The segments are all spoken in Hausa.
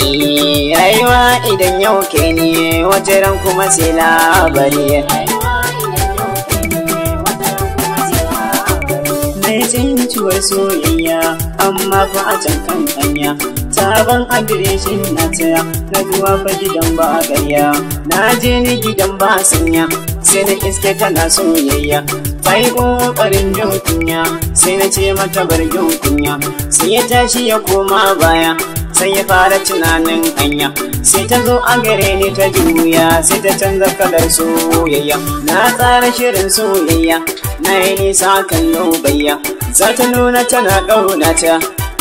ke ni rayuwa idan yau ke ni wata ran kuma sai labari mai tsintuwar soyayya amma fa a can kan hanya sabon adireshin na tsaya na zuwa fa gidan ba na je ni gidan ba sanya sai na iske tana soyayya bai kokarin jin kunya sai na ce mata bar jin kunya sai ya tashi ya koma baya sai ya fara tunanin hanya sai ta zo a gare ni ta juya sai ta canza kalar soyayya na tsara shirin soyayya na yi nisa kan lobayya za ta nuna tana ƙaunata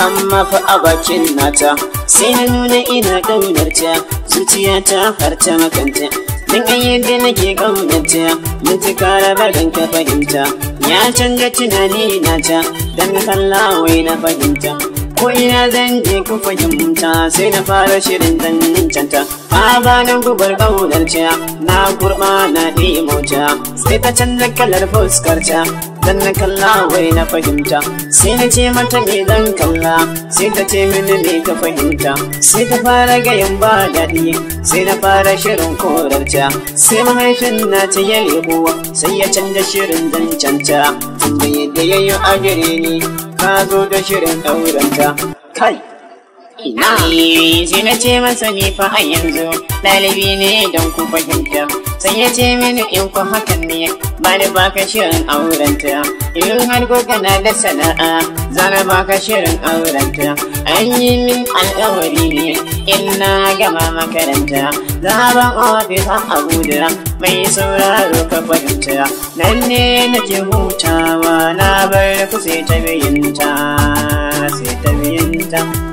amma fa a bakin nata sai na nuna ina ƙaunarta zuciya ta farta makanta Din ayyuka nake gwamnati mutuka raba dan ka fahimta ya canza tunani nata don kalla wai na fahimta ko ina zan je ku fahimta sai na fara shirin zancanta a banan gubar ƙaunar ta na kurma na ɗi mota, sai ta canza kalar fuskar ta dan na kalla wai na fahimta sai na ce mata me zan kalla sai ta ce mini me ka fahimta sai ta fara gayin ba daɗi sai na fara shirin korarta sai mahaifin na ta yi sai ya canza shirin zancanta tun da yadda ya yi a gare ni kazo zo da shirin ɗauranta. Kai! Ina! Sai na ce masa ni fa a yanzu ɗalibi ne don ku fahimta. Sai ya ce mini in ku hakan ne ba ni ka shirin aurenta. In har goga na da sana'a za na ka shirin aurenta. an yi min alkawari ne in na gama makaranta zaben a abuja mai sauraro ka fahimta nan ne nake hutawa na bar ku sai ta biyinta sai ta biyinta